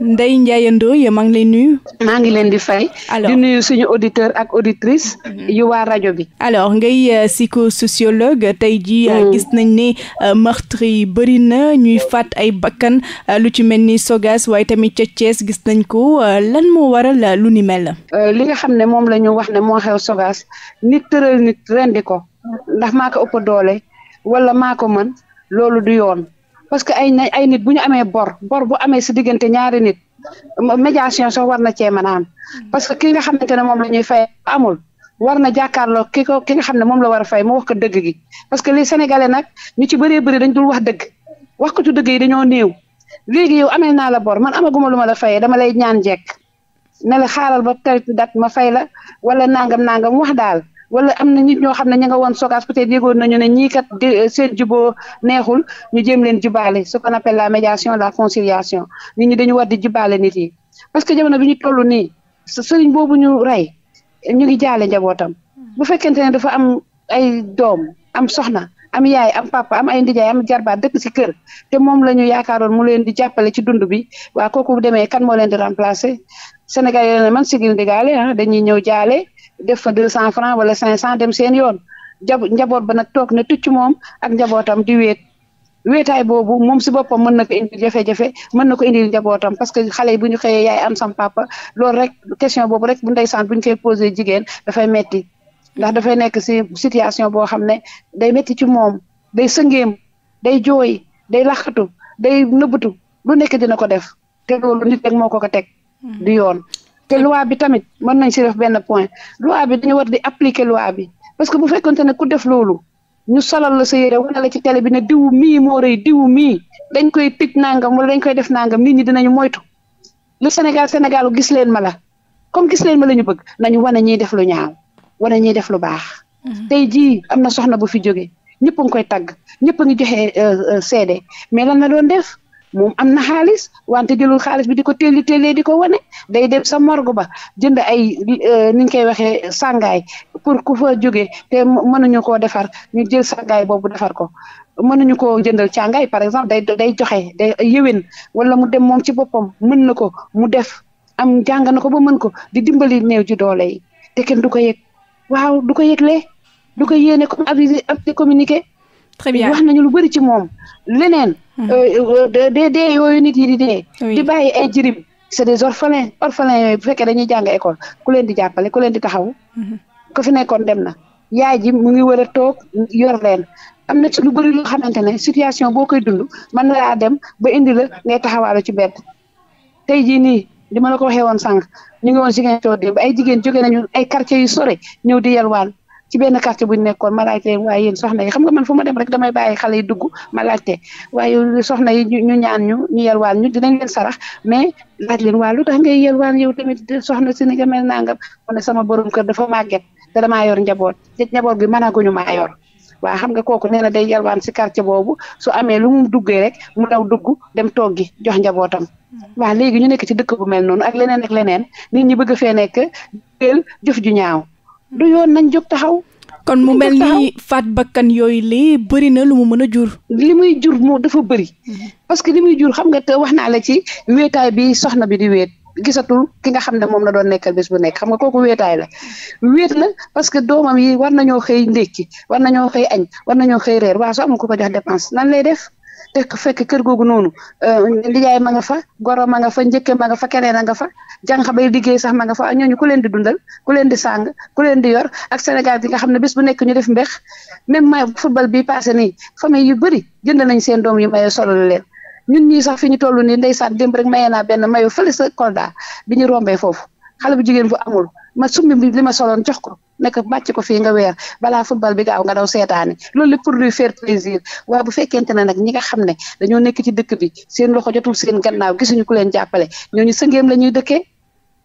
ndey Ndiaye Ndoye maa ngi lay nuyu. maa ngi leen di fay. alors di nuyu suñu auditeur ak auditrice mhm. yu waa rajo bi. alors ngay euh, psychosociologue tey jii. Euh, mm. gis nañ ni euh, meurtre yi bëri na ñuy faat ay bakkan lu ci mel ni Sogas waaye tamit ca Thiès gis nañ ko lan moo waral lu ni mel. la li nga xam ne moom la ñu wax ne moo xew Sogas nit tëral nit rendi ko ndax maa ëpp doole wala maa ko mën loolu du yoon. parce que ay ay nit bu ñu amee bor bor bu amee si diggante ñaari nit médiation sax war na cee mën a am parce que ki nga xamante ne moom la fay amul war na jàkkaarloo ki ko ki nga xam ne moom la war a fay mu wax ko dëgg parce que les sénégalais nag ñu ci bëree bëri dañ dul wax dëgg wax ko ci dëgg yi dañoo néew léegi yow amee naa la boor man amaguma lu ma la fayee dama lay ñaan jekk ne la xaaral ba tey dat ma fay la wala nangam nangam wax daal wala am na nit ñoo xam ne ña nga woon sokaas peut-être nañu ne ñii kat euh, seen juboo neexul ñu jëm leen jubaale ce qu'on appelle la médiation la conciliation nit ñi dañu war di jubaale nit yi parce que jamono bi ñu tollu nii sëriñ boobu ñu rey ñu ngi jaale njabootam bu fekkente ne dafa am ay doom am soxna am yaay am papa am ay ndijaay am jarbaat dëkk ci kër te moom la ñu yaakaaroon mu leen di jàppale ci dund bi waa kooku demee kan moo leen di remplacer Sénégal yi man sigil ndigaale ah, dañuy ñëw jaale def fa deux cent francs wala cinq cent dem seen yoon jab njaboot ba nag toog ne tucc moom ak njabootam di wéet wéetaay boobu moom si boppam mën na ko indil jafe mën na ko indil njabootam parce que xale yi bu ñu xëyee yaay am sam papa loolu rek question boobu rek bu ndeysaan bu ñu koy posé jigéen dafay metti ndax dafay nekk si situation boo xam ne day metti ci moom day sëngeem day jooy day laxatu day nëbbatu lu nekk dina ko def te loolu nit rek moo ko ko teg hmm. du yoon te loi bi tamit mën nañ si def benn point loi bi dañu war di appliquer loi bi parce que bu fekkonte ne ku def loolu ñu solal la sa yére wane la ci tele bi ne diwu mi moo rëy diwu mii dañ koy tëj nangam wala dañ koy def nangam nit ñi dinañu moytu lu Sénégal Sénégal gis leen mala la comme gis leen ma la ñu bëgg nañu wane ñiy def lu ñaaw wane ñiy def lu baax. Mm-hmm. tey jii am na soxna bu fi jóge ñëpp a ngi koy tagg ñëpp a ngi joxe euh, euh, seede mais lan la doon def moom am na xaalis wante jëlul xaalis bi di ko téeli téelee di ko wane day dem sa morgue ba jënd ay euh, ni ñu koy waxee sangaay pour ku fa jógee te mënuñu koo defar ñu jël sangaay boobu defar ko mënuñu koo jëndal càngaay par exemple day day joxe day yëwén wala mu dem moom ci boppam mën na ko mu def am jàng na ko ba mën ko di dimbali néew ji doole yi te kenn du ko yëg waaw du ko yëgle du ko yéene comme avisé ab di communiqué. très bien wax nañu lu bëri ci moom leneen. Euh, euh, dee dee yooyu nit yi di dee. di bàyyi ay jirim c'est des orphelins orphelins yooyu bu fekkee dañuy jàng école ku leen di ku leen di taxaw. Mhm. ku fi nekkoon dem na. yaay jim mu ngi war a toog yor leen am na ci lu bëri loo xamante ne situation boo koy dund mën na dem ba indi la ngay taxawaalu ci mbedd tey jii nii li ma la ko waxee woon sànq ñu ngi woon Ziguinchor démb ay jigéen jóge nañu ay quartiers yu sore ñëw di yalwaan ci benn quartier bu ñu nekkoon ma laajte waaye yéen soxna yi xam nga man fu ma dem rek damay bàyyi xale yi dugg ma laajte waaye soxna yi ñu ñaan ñu ñu yelwaan ñu dinañ leen sarax mais laaj leen waa lu tax ngay yelwaan yow tamit soxna si ni nga mel nangam mu ne sama borom kër dafa màgget te damaa yor njaboot te njaboot bi ma maa yor waa xam nga kooku nee na day yelwaan si quartier boobu su amee lu mu duggee rek mu daw dugg dem toggi jox njabootam waa léegi ñu nekk ci dëkk bu mel noonu ak leneen ak leneen nit ñi bëgg fee nekk jël jëf ju ñaaw du yoon nañ jóg taxaw. kon mu mel ni faat bakkan yooyu lii bëri na lu mu mën a jur. li muy jur moo dafa bëri mm-hmm. parce que li muy jur xam nga te wax naa la ci wéetaay bi soxna bi di wéet gisatul ki nga xam ne moom la doon nekkal bés bu nekk xam nga kooku wéetaay la. wet la parce que doomam yi war nañoo xëy ndékki war nañoo xëy añ war nañoo xëy reer waa soo amul ko ko jox dépense nan lay def. te fekk kër googu noonu euh, ndijaay ma nga fa goro ma nga fa njëkke ma nga fa keneen a nga fa jànq bay liggéey sax ma nga fa ñooñu ku leen di dundal ku leen di sàng ku leen di yor ak Sénégal gi nga xam ne bés bu nekk ñu def mbeex même may football bi passé nii famille yu bëri jënd nañ seen doom yi mayee solo leen ñun ñii sax fi ñu toll nii ndeysaan demb rek mayee naa benn mayu fële sa Kolda bi ñu rombee foofu xale bu jigéen bu amul ma sumbi bi li ma soloon jox ko nekk bàcc ko fi nga weer balaa football bi gaaw nga daw seetaani loolu lépp pour lui faire plaisir waaye bu fekkente ne nag ñi nga xam ne dañoo nekk ci dëkk bi seen loxo jotul seen gannaaw gisuñu ku leen jàppale ñoo ñooñu sëngeem la ñuy dëkkee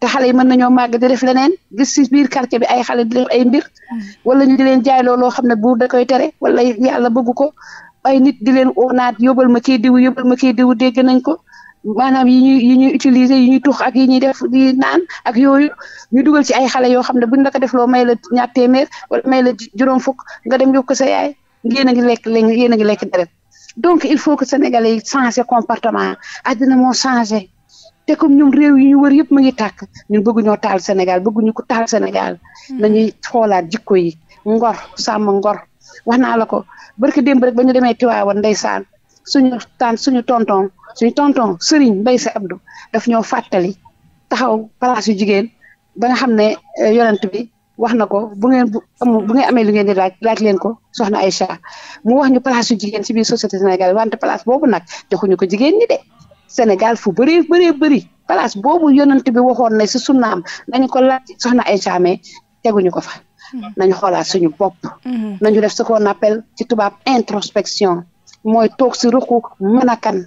te xale yi mën nañoo màgg di def leneen gis si biir quartier bi ay xale di def ay mbir mm. wala ñu di leen jaay looloo xam ne buur da koy tere wala yàlla bëgg ko ay nit di leen oonaat yóbbal ma kii diw yóbbal ma kii diw dégg nañ ko maanaam yi ñuy yi ñuy utiliser yi ñuy tux ak yi ñuy def yi naan ak yooyu ñu dugal ci ay xale yoo xam ne buñ la ko defloo may la ñaar téeméer wala may la juróom fukk nga dem yóbbu ko sa yaay yéen a ngi lekk léegi yéen a ngi lekk deret donc il faut que sénégalais yi changé comportement àddina moo changé te comme ñoom réew yi ñu wër yëpp mu ngi tàkk ñun bëgguñoo taal Sénégal bëgguñu ko taal Sénégal hmm. nañuy xoolaat jikko yi ngor sàmm ngor wax naa la ko barke démb ba ñu demee Tiwaawan ndeysaan suñu taan suñu tonton suñu tonton Serigne Mbaye Sy Abdou daf ñoo fàttali taxaw place yu jigéen ba nga xam ne eh, yonent bi wax na ko bu ngeen bu bu ngeen amee lu ngeen di laaj laaj leen ko soxna Aïcha mu wax ñu place yu jigéen ci biir société sénégalaise wante place boobu nag joxuñu ko jigéen ñi de Sénégal fu bëree bëree bëri place boobu yonent bi waxoon na si sunnaam nañu ko laaj soxna Aïcha mais teguñu ko fa. Hmm. nañu xoolaat suñu bopp. Hmm. nañu def ce qu'on appelle ci tubaab introspection. mooy toog si ruqu mën a kan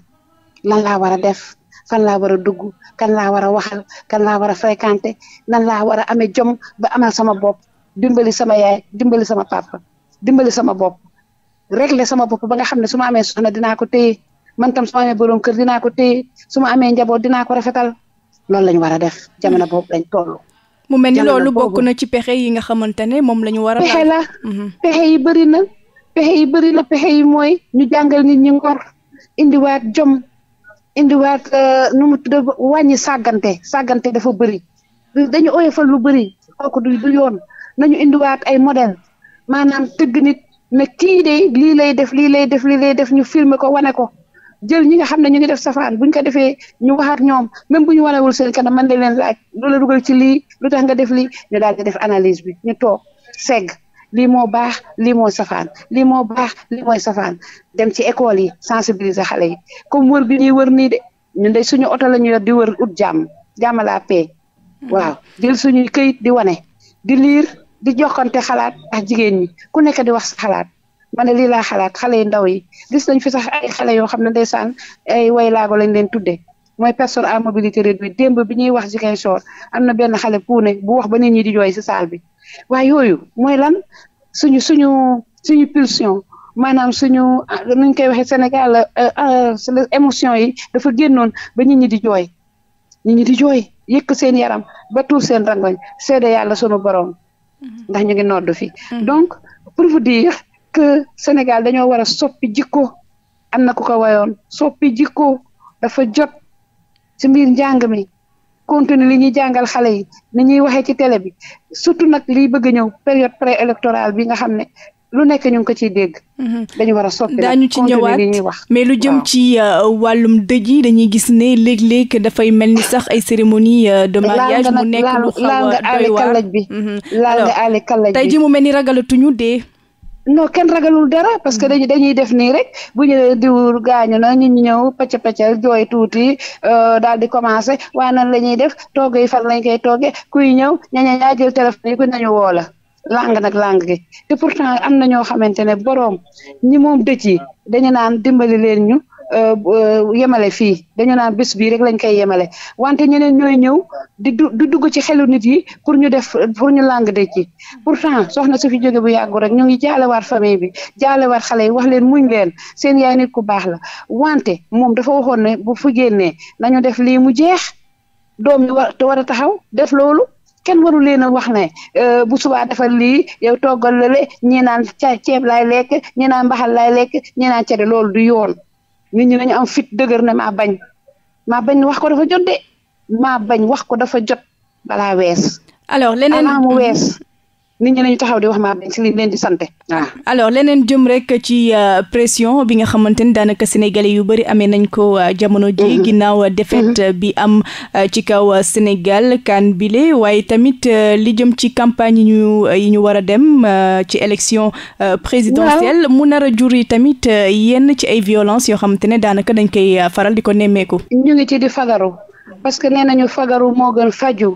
lan laa war a def fan laa war a dugg kan laa war a waxal kan laa war a fréquenté nan laa war a amee jom ba amal sama bopp dimbali sama yaay dimbali sama papa dimbali sama bopp régler sama bopp ba nga xam ne su ma amee soxna dinaa ko téye man tam su ma amee borom kër dinaa ko téye su ma amee njaboot dinaa ko rafetal loolu la ñu war a def jamono boobu lañ toll. mu ni loolu bokk ci pexe nga xamante ne moom la ñu war la pexe yi na pexe yi bëri na pexe yi mooy ñu jàngal nit ñu ngor indiwaat jom indiwaat euh, nu mu tudd wàññi sàggante sàggante dafa bëri dañu oyefal lu bëri kooku du du yoon nañu indiwaat ay modèle maanaam tëgg nit ne kii de lii lay def lii lay def lii lay def ñu filmer ko wane ko jël ñi nga xam ne ñu ngi def safaan buñ ko defee ñu waxaat ñoom même bu ñu wanewul seen kanam man de leen laaj lu la dugal ci lii lu tax nga def lii ñu daal di def analise bi ñu toog segg lii moo baax lii moo safaan lii moo baax lii mooy safaan dem ci école yi sensibiliser xale yi comme wër bi ñuy wër nii de ñun de suñu oto la ñu yor di wër ut jàmm jàmm la paix hmm. waaw jël suñuy këyit di wane di liir di joxante xalaat ak jigéen ñi ku nekk di wax xalaat ma ne xalaat xale yu ndaw yi gis nañ fi sax ay xale yoo xam ne ndeysaan ay way laago lañ leen tudde mooy personne à mobilité réduite démb bi ñuy wax Ziguinchor am na benn xale puune bu wax ba nit ñi di jooy ci saal bi waaye yooyu mooy lan suñu suñu suñu pulsion maanaam suñu nuñ koy waxee Sénégal euh, euh, émotion yi dafa génnoon ba nit ñi di jooy nit ñi di jooy yëkk seen yaram ba tuur seen rangoñ seede yàlla sunu borom mm-hmm. ndax ñu ngi nodd fi mm-hmm. donc pour fu dire que Sénégal dañoo war a soppi jikko am na ku ko wayoon soppi jikko dafa jot ci mbir njàng mi continuer li ñuy jàngal xale yi ni ñuy waxee ci télé bi surtout nag liy bëgg a ñëw période pré électorale bi nga xam ne lu nekk ñu ngi ko ciy dégg. Mhm. dañu war a soppi daañu ci wax mais lu jëm ci euh, wàllum dëj yi dañuy gis ne léeg-léeg dafay mel ni sax ay cérémonie euh, de mariage mu nekk lu xaw a doy waar bi laal nga aale mhm. tey ji mu mel ni ragalatuñu dee. non ken ragalul dara parce que mm. dañuy dañuy def nii rek bu ñu diwul gaañu na ñu ñëw pàcc pàccal jooy tuuti euh, daal di commencé waaye nan la ñuy def toog yi fan lañ koy toogee kuy ñëw ñaña ñaa jël téléphone yi ku nañu woo la lang nag lang gi te pourtant am na ñoo xamante ne boroom ñi moom dëj yi dañu naan dimbali leen ñu. Euh, euh, yemale fii dañu naan bés bii rek lañ koy yemale wante ñeneen ñooy ñëw di du dugg ci xelu nit yi pour ñu def pour ñu làng de ci pourtant soxna su fi jóge bu yàggu rek ñu ngi jaalewaat famille bi jaalewaat xale yi wax leen muñ leen seen yaay nit ku baax la wante moom dafa waxoon ne bu fu génnee nañu def lii mu jeex doom yi war war a taxaw def loolu kenn waru leen a wax ne euh, bu subaa defal lii yow toggal lale ñi naan ceeb laay lekk ñi mbaxal laay lekk ñi naan cere loolu du yoon nit ñi nañu am fit dëgër ne maa bañ maa bañ wax ko dafa jot de maa bañ wax ko dafa jot balaa wees. alors leneen mu wees. nit ñi ñu taxaw di wax maam si leen di sante waaw. alors leneen jëm rek ci euh, pression bi nga xamante ni daanaka sénégalais yu bëri amee nañ ko euh, jamono ji mhm. ginnaaw euh, défaite mhm. bi am ci kaw Sénégal kan bile waaye tamit li jëm ci campagne yi ñu yi ñu war a dem ci élection présidentielle mu nar a jur yi tamit yenn ci ay violence yoo xamante ne daanaka dañ koy faral di ko nemmeeku. ñu ngi ci di fagaru parce que nee nañu fagaru moo gën faju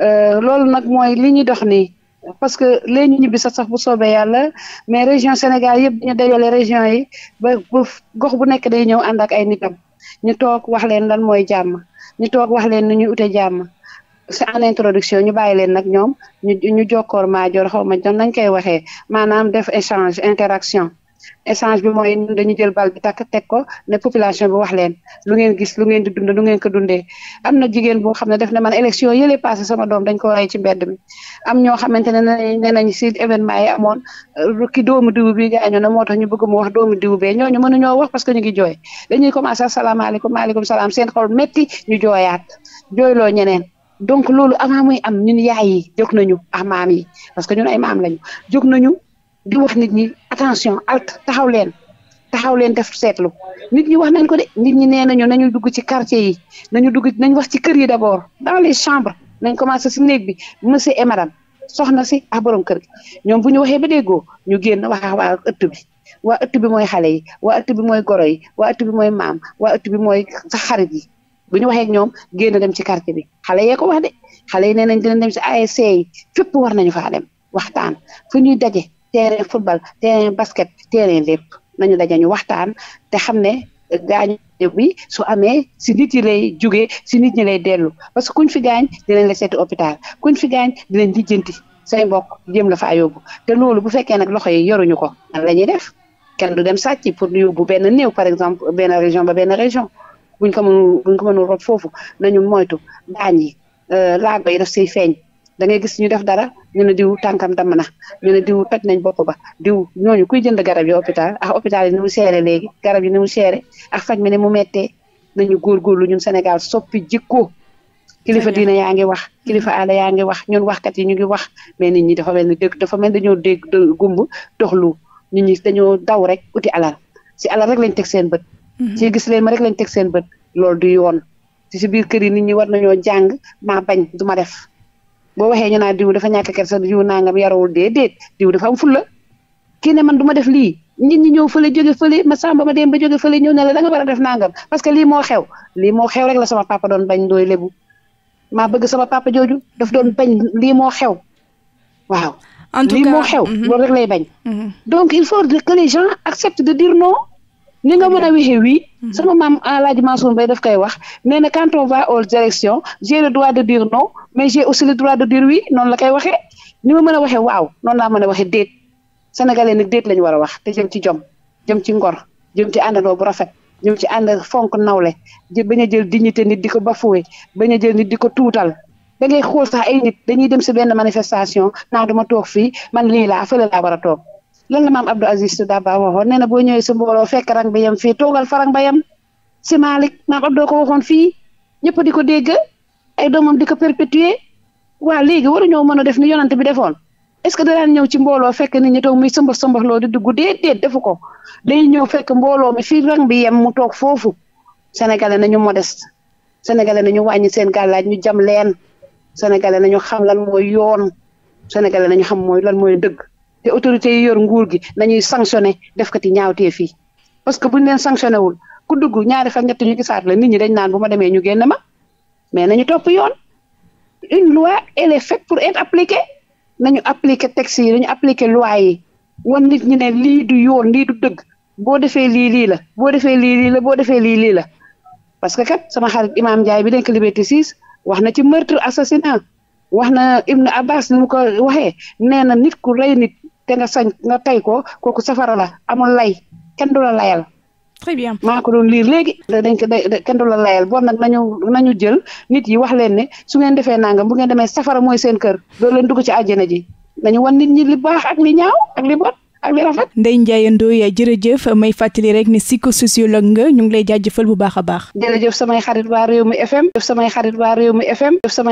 loolu nag mooy li ñu dox nii. parce que léegi ñu ñibbi sax sax bu soobee yàlla mais région Sénégal yëpp dañu dajale région yi ba bu gox bu nekk day ñëw ànd ak ay nitam ñu toog wax leen lan mooy jàmm ñu toog wax leen nu ñuy ute jàmm si en introduction ñu bàyyi leen nag ñoom ñu ñu jokkoor maajoor xaw ma nañ koy waxee maanaam def échange intéraction échange bi mooy ñun dañu jël bal bi takk teg ko ne population bi wax leen lu ngeen gis lu ngeen di dund lu ngeen ko dundee am na jigéen boo xam ne def na man élection yële sama doom dañ ko rey ci mbedd mi am ñoo xamante ne nee nañ si événement yi amoon euh, ki doomu diw bi gaañoo na moo tax ñu bëgg mu wax doomu diw bee ñooñu mënuñoo wax parce que ñu ngi jooy dañuy commencé asalaamaaleykum maaleykum salaam seen xol métti ñu jooyaat loo ñeneen donc loolu avant muy am ñun yaay yi jóg nañu ah maam yi parce que ñun ay maam lañu jóg nañu di wax nit ñi attention alt taxaw leen taxaw leen def seetlu nit ñi wax nañ ko de nit ñi nee nañu nañu dugg ci quartier yi nañu dugg nañ wax ci kër yi d'abord dans les chambres nañ commencé si néeg bi monsieur et madame soxna si ak borom kër gi ñoom bu ñu waxee ba déggoo ñu génn wax waa ëtt bi waa ëtt bi mooy xale yi wa ëtt bi mooy goro yi wa ëtt bi mooy maam wa ëtt bi mooy sax xarit yi bu ñu waxee ak ñoom génn dem ci quartier bi xale yee ko wax de xale yi nee nañ dina dem si ASC yi fépp war nañu faa dem waxtaan fu ñuy daje terrain football terrain basket terrain lépp nañu daje ñu waxtaan te xam ne gaañ bi su amee si nit yi lay jugee si nit ñi lay dellu parce que kuñ fi gaañ dinañ la seeti hôpital kuñ fi gaañ dinañ lijjanti say mbokk jëm la fa yóbbu te loolu bu fekkee nag loxo yi yoruñu ko a la ñuy def kenn du dem sàcc pour yóbbu benn néew par exemple benn région ba benn région buñ ko mënul buñ ko mënul foofu nañu moytu gaañ yi euh, laago yi daf siy feeñ da ngay gis ñu def dara ñu ne diw tànkam damm na ñu ne diw toj nañ bopp ba diw ñooñu kuy jënd garab yi hôpital ak ah hôpital yi ni seere léegi garab yi ni mu seere ak faj mi ne mu mettee nañu lu ñu Sénégal soppi jikko kilifa diina yaa ngi wax kilifa aada yaa ngi wax ñun waxkat yi ñu ngi wax mais nit ñi dafa mel ni dégg dafa mel dañoo dégg gumb doxlu nit ñi dañoo daw rek uti alal si alal rek lañ teg seen bët ci mhm. gis leen ma rek lañ teg seen bët loolu du yoon si biir kër yi nit ñi war nañoo jàng maa bañ du ma def boo waxee ñu naan diw dafa ñàkk kersa diw nangam yarawul déedéet diw dafa am fulla ne man du ma def lii nit ñi ñëw fële jóge fële ma sàmba ma dem ba jóge fële ñëw ne la da nga war a def nangam parce que lii moo xew lii moo xew rek la sama papa doon bañ dooy lebu maa bëgg sama papa jooju daf doon bañ lii moo xew waaw. en tout cas lii moo xew. Mhm. loolu rek lay bañ. Mhm. donc il faut que les gens acceptent de dire non. ni nga mën a waxee oui mhm. sama maam El Hadj Mansour Mbaye daf kay wax nee na quand on va aux élections j'ai le droit de dire non mais j'ai aussi droit de dire oui noonu la koy waxee ni ma mën a waxee waaw noonu laa mën a waxee déet sénégalais nag déet la ñu war a wax te jëm ci jom jëm ci ngor jëm ci àndandoo bu rafet jëm ci ànd fonk nawle bañ a jël dignité nit di ko bafoué bañ a jël nit di ko tuutal da ngay xool sax ay nit dañuy dem si benn manifestation ndax duma toog fii man lii laa laa war a toog lan la maam Abdou Aziz Dabba waxoon nee na boo ñëwee sa mbooloo fekk rang ba yem toogal fa rang ba yem si Malick maam Abdou ko waxoon fii ñëpp di ko dégg ay doomam di ko perpétuer waa léegi waruñoo mën a def ni yonante bi defoon est-ce que danaan ñëw ci mbooloo fekk nit ñi toog muy sëmbax sëmbax loo di dugg déedéet defu ko dañuy ñëw fekk mbooloo mi fii rang bi yem mu toog foofu sénégalais nañu modeste sénégalais nañu wàññi seen gàllaaj ñu jam leen sénégalais nañu xam lan yoon sénégalais nañu xam mooy lan mooy dëgg te autorité yor nguur gi nañuy sanctionné def ko ñaaw ñaawteef yi parce que buñ leen sanctionné wul ku dugg ñaari fan ñett ñu gisaat la nit ñi dañ naan bu ma demee ñu génn ma mais nañu topp yoon une loi elle est pour être appliquée nañu appliquer texte yi nañu appliquer loi yi wan nit ñi ne lii du yoon lii du dëgg boo defee lii lii la boo defee lii lii la boo defee lii lii la parce que kat sama xarit Imaam Ndiaye bi nekk Liberté 6 wax na ci meurtre assassinat wax na Ibn Abbas ni mu ko waxee nee na nit ku rey nit te nga sañ nga tey ko kooku safara la amul lay kenn du la layal. très bien maa ko doon liir léegi. dañ ko day kenn du la layal bon nag nañu nañu jël nit yi wax leen ne su ngeen defee nangam bu ngeen demee safara mooy seen kër loolu leen dugg ci àjjana ji nañu wan nit ñi li baax ak li ñaaw ak li bon. ak li rafet Ndeye Ndiaye Ndoye jërëjëf may fàttali rek ni psychosociologue nga ñu ngi lay jaajëfal bu baax a baax. jërëjëf samay xarit waa Rewmi FM. jëf samay xarit waa Rewmi FM. jëf